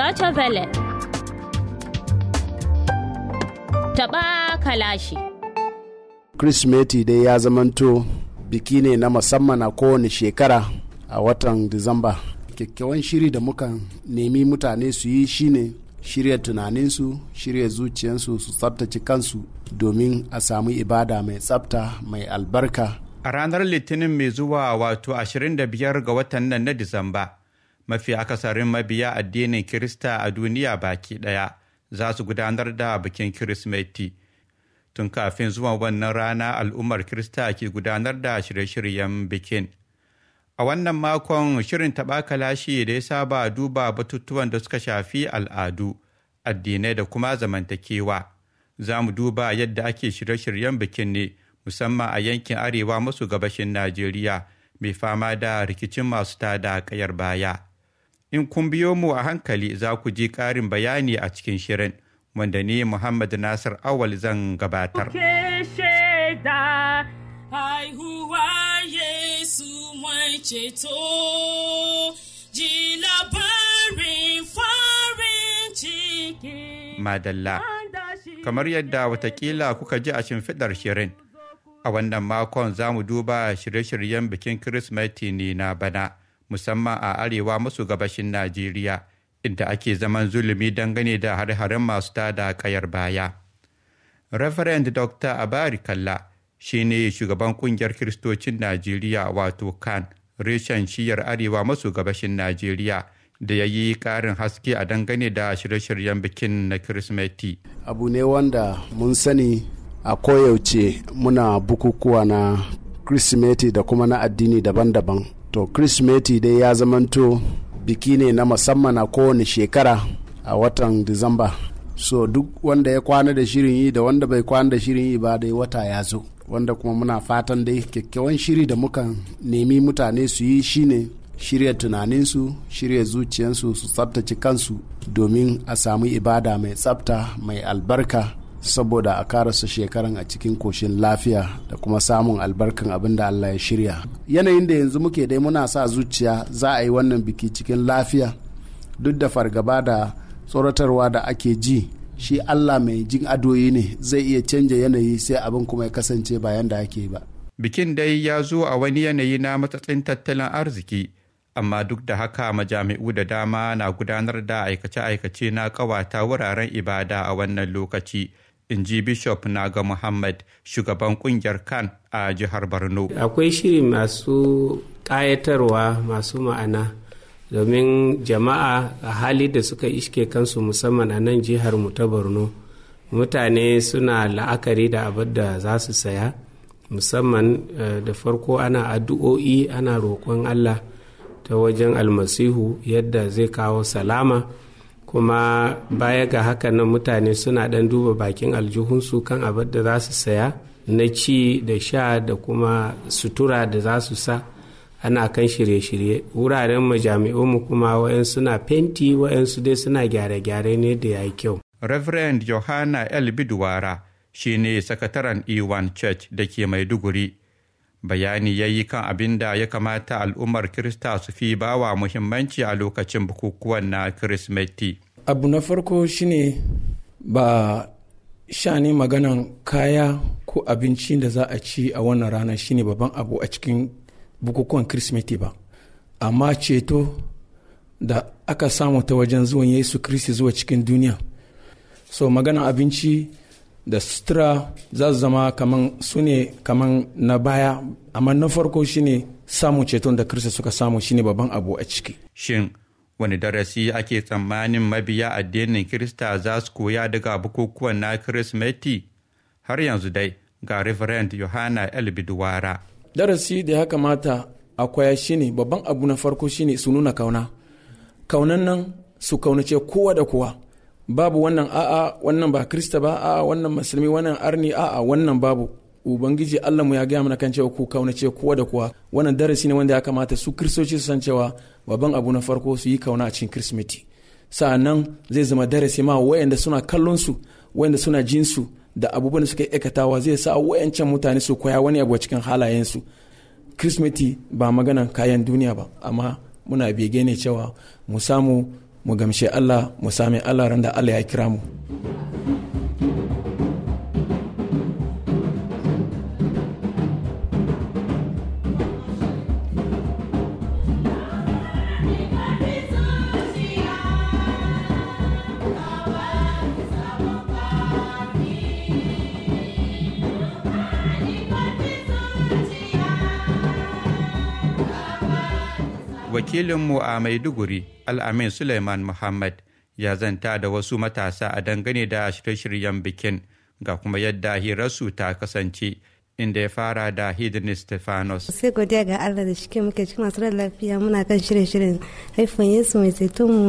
Deutsche Welle. Taɓa kalashi. Kirsimeti dai ya zamanto biki ne na musamman a kowane shekara a watan Disamba. Kyakkyawan shiri da muka nemi mutane su yi shine shirya tunaninsu, shirya zuciyarsu su tsabtace kansu domin a samu ibada mai tsabta mai albarka. A ranar Litinin mai zuwa wato 25 ga watan nan na Disamba. mafi akasarin mabiya addinin kirista a duniya baki ɗaya za su gudanar da bikin kirismeti tun kafin zuwan wannan rana al'ummar kirista ke gudanar da shirye-shiryen bikin a wannan makon shirin taɓa kalashi da ya saba duba batutuwan da suka shafi al'adu addinai da kuma zamantakewa za mu duba yadda ake shirye-shiryen bikin ne musamman a yankin arewa maso gabashin najeriya mai fama da rikicin masu tada kayar baya in kun biyo mu a hankali za ku ji ƙarin bayani a cikin shirin wanda ni Muhammad Nasir Awal zan gabatar. Madalla, kamar yadda watakila kuka ji a shimfiɗar shirin, a wannan makon za mu duba shirye-shiryen bikin Kirsimeti ne na bana. musamman a arewa maso gabashin Najeriya inda ake zaman zulumi dangane da har-haren masu tada kayar baya. Reverend Dr. Abari Kalla shi ne shugaban kungiyar Kiristocin Najeriya wato kan reshen shiyar arewa maso gabashin Najeriya da ya yi ƙarin haske a dangane da shirye-shiryen bikin na Kirsimeti. Abu ne wanda mun sani a koyauce muna bukukuwa na Kirsimeti da kuma na addini daban-daban to kirsimeti dai ya zamanto biki ne na musamman a kowane shekara a watan disamba so duk wanda ya kwana da shirin yi da wanda bai kwana da shirin yi ba dai wata ya zo wanda kuma muna fatan dai kyakkyawan shiri da muka nemi mutane su yi shine shirya tunaninsu shirya zuciyarsu su tsabtace kansu domin a samu ibada mai tsabta mai albarka saboda a karasa shekaran a cikin koshin lafiya da kuma samun albarkan abin da Allah ya shirya yanayin da yanzu muke dai muna sa zuciya za a yi wannan biki cikin lafiya duk da fargaba da tsoratarwa da ake ji shi Allah mai jin adoyi ne zai iya canja yanayi sai abin kuma ya kasance ba yanda ake ba bikin dai ya zo a wani yanayi na matsatsin tattalin arziki amma duk da haka majami'u da dama na gudanar da aikace-aikace na kawata wuraren ibada a wannan lokaci in ji bishop naga muhammad shugaban kungiyar kan a jihar borno akwai shiri masu ƙayatarwa masu ma'ana domin jama'a a hali da suka iske kansu musamman a nan jihar mu ta borno mutane suna la'akari da abin da za su saya musamman eh, da farko ana addu'o'i ana roƙon allah ta wajen almasihu yadda zai kawo salama kuma baya ga haka nan mutane suna ɗan duba bakin aljihunsu kan abin da za su saya na ci da sha da kuma sutura da za su sa ana kan shirye-shirye wuraren majami'unmu kuma wa'yan suna fenti wa'yan su dai suna gyare-gyare ne da ya kyau. Reverend johanna El shine shi ne sakataren Iwan e Church da ke Maiduguri bayani ya yi kan abin da ya kamata al'ummar kirista su fi bawa muhimmanci a lokacin bukukuwan na kirismeti abu na farko shine ba sha ne maganan kaya ko abinci da za a ci a wannan rana shine babban abu a cikin bukukuwan kirismeti ba amma ceto da aka samu ta wajen zuwan yesu kiristi zuwa cikin duniya so maganan abinci da sutura za su zama kaman su ne kaman na baya amma na farko shine samun ceton da kirista suka samu shine babban abu a ciki shin wani darasi ake tsammanin mabiya addinin kirista za su koya daga bukukuwan na kirismeti har yanzu dai ga reverend yohana elbiduwara darasi da ya kamata a koya shine babban abu na farko shine su nuna kauna kaunan nan su kaunace kowa da kowa babu wannan a'a wannan ba krista ba a'a wannan musulmi wannan arni a'a wannan babu ubangiji allah mu ya gaya mana kan cewa ku kaunace kowa da kowa wannan darasi ne wanda ya kamata su kristoci su san cewa babban abu na farko su yi kauna a cikin kirsimeti sa'annan zai zama darasi ma wayanda suna kallon su wayanda suna jinsu da abubuwan da suka aikatawa zai sa wayancan mutane su koya wani abu a cikin halayen su kirsimeti ba maganan kayan duniya ba amma muna bege ne cewa mu samu mu gamshe Allah mu sami Allah randa Allah ya kira mu wakilinmu a maiduguri al'amin suleiman muhammad ya zanta da wasu matasa a dangane da shirye-shiryen bikin ga kuma yadda hirarsu ta kasance inda ya fara da hidden stefanos sai godiya ga allah da shike muke cikin masu lafiya muna kan shirye-shiryen haifan yesu mai mu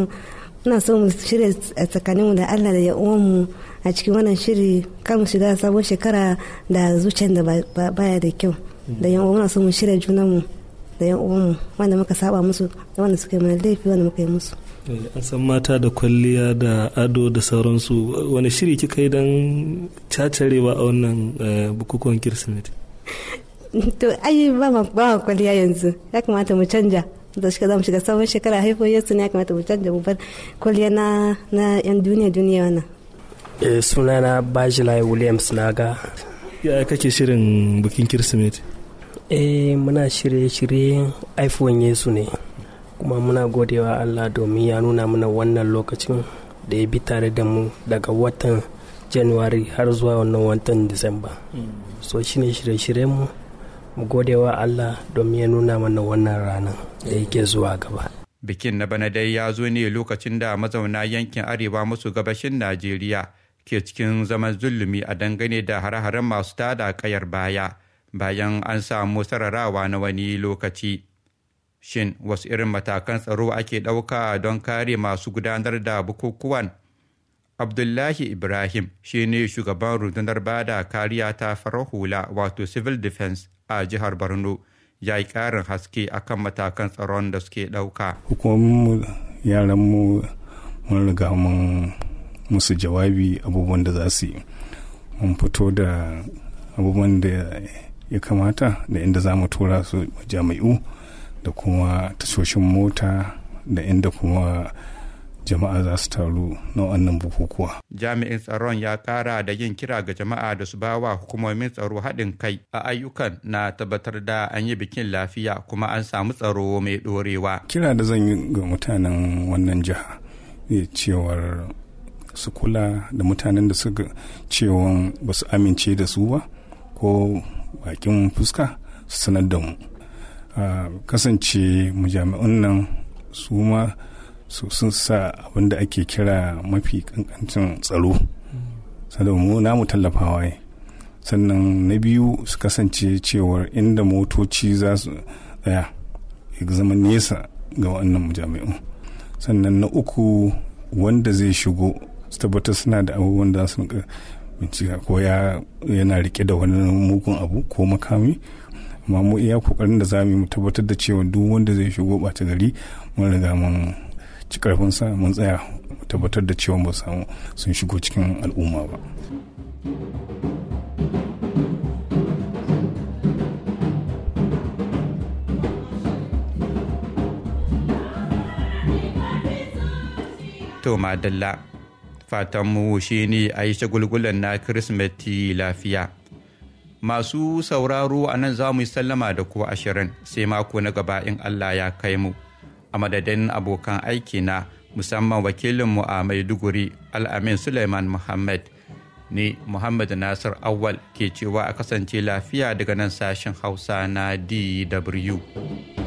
muna so mu shirya tsakaninmu da allah da ya'uwanmu a cikin wannan shiri kan mu shiga sabon shekara da zuciyar da baya da kyau da yawon muna so mu shirya junanmu da yan uwanmu wanda muka saba musu da wanda suka yi mana laifi wanda muka yi musu eh, an san mata da kwalliya da ado da sauransu wani shiri kika yi don cacarewa a wannan eh, bukukuwan kirsimeti to ai ba ma kwalliya yanzu ya kamata mu canja da shiga za mu shiga sabon shekara haifo yesu ne ya kamata mu canja mu bar kwalliya na yan duniya duniya wannan eh, sunana bajilai williams naga ya kake shirin bukin kirsimeti eh muna shirye-shiryen iphone yesu ne kuma muna godewa allah domin ya nuna mana wannan lokacin da ya bi tare da mu daga watan january har zuwa wannan watan disamba hmm. so shine shirye-shiryen mu mu godewa allah domin ya nuna mana wannan ranar da yake zuwa gaba bikin na bana dai ya zo ne lokacin da mazauna yankin arewa masu gabashin najeriya ke cikin zaman zulumi a dangane da hare-haren masu tada kayar baya bayan an samu sararawa na wani lokaci shin wasu irin matakan tsaro ake ɗauka don kare masu gudanar da bukukuwan abdullahi ibrahim shine shugaban rundunar bada kariya ta farar hula wato civil defense a jihar borno ya yi ƙarin haske akan matakan tsaron da suke ɗauka hukumomin yaranmu mun riga mun musu jawabi abubuwan da za su yi mun fito da abubuwan da ya kamata da inda za mu tura su jami'u da kuma tashoshin mota da inda kuma jama'a za su taru na wannan bukukuwa. Jami'in tsaron ya kara da yin kira ga jama'a da su bawa hukumomin tsaro haɗin kai a ayyukan na tabbatar da an yi bikin lafiya kuma an samu tsaro mai ɗorewa. Kira da zan yi ga mutanen wannan jiha cewar su kula da mutanen da suka cewa ba su amince da su ba ko bakin fuska su sanar da mu kasance mujami'un nan su ma su sun sa abin da ake kira mafi kankancin tsaro sannan mu namu tallafawa ne sannan na biyu su kasance cewar inda motoci za su tsaya ya zama nesa ga wannan mujami'un sannan na uku wanda zai shigo su tabbatar suna da abubuwan da su ko ya yana rike da wani mugun abu ko makami amma mu iya kokarin da zamu mu tabbatar da cewa duk wanda zai shigo bata gari mun riga mun ci karfin sa mun tsaya mu tabbatar da cewa ba samu sun shigo cikin al'umma ba To madalla fatanmu shi ne a yi shagulgulan na Kirsimeti lafiya. Masu sauraro a nan za mu yi sallama da kuwa ashirin sai mako na gaba in Allah ya kai mu. A madadin abokan aiki na musamman wakilinmu a Maiduguri Al'amin Suleiman Muhammad ne Muhammad Nasir Awal ke cewa a kasance lafiya daga nan sashen Hausa na DW.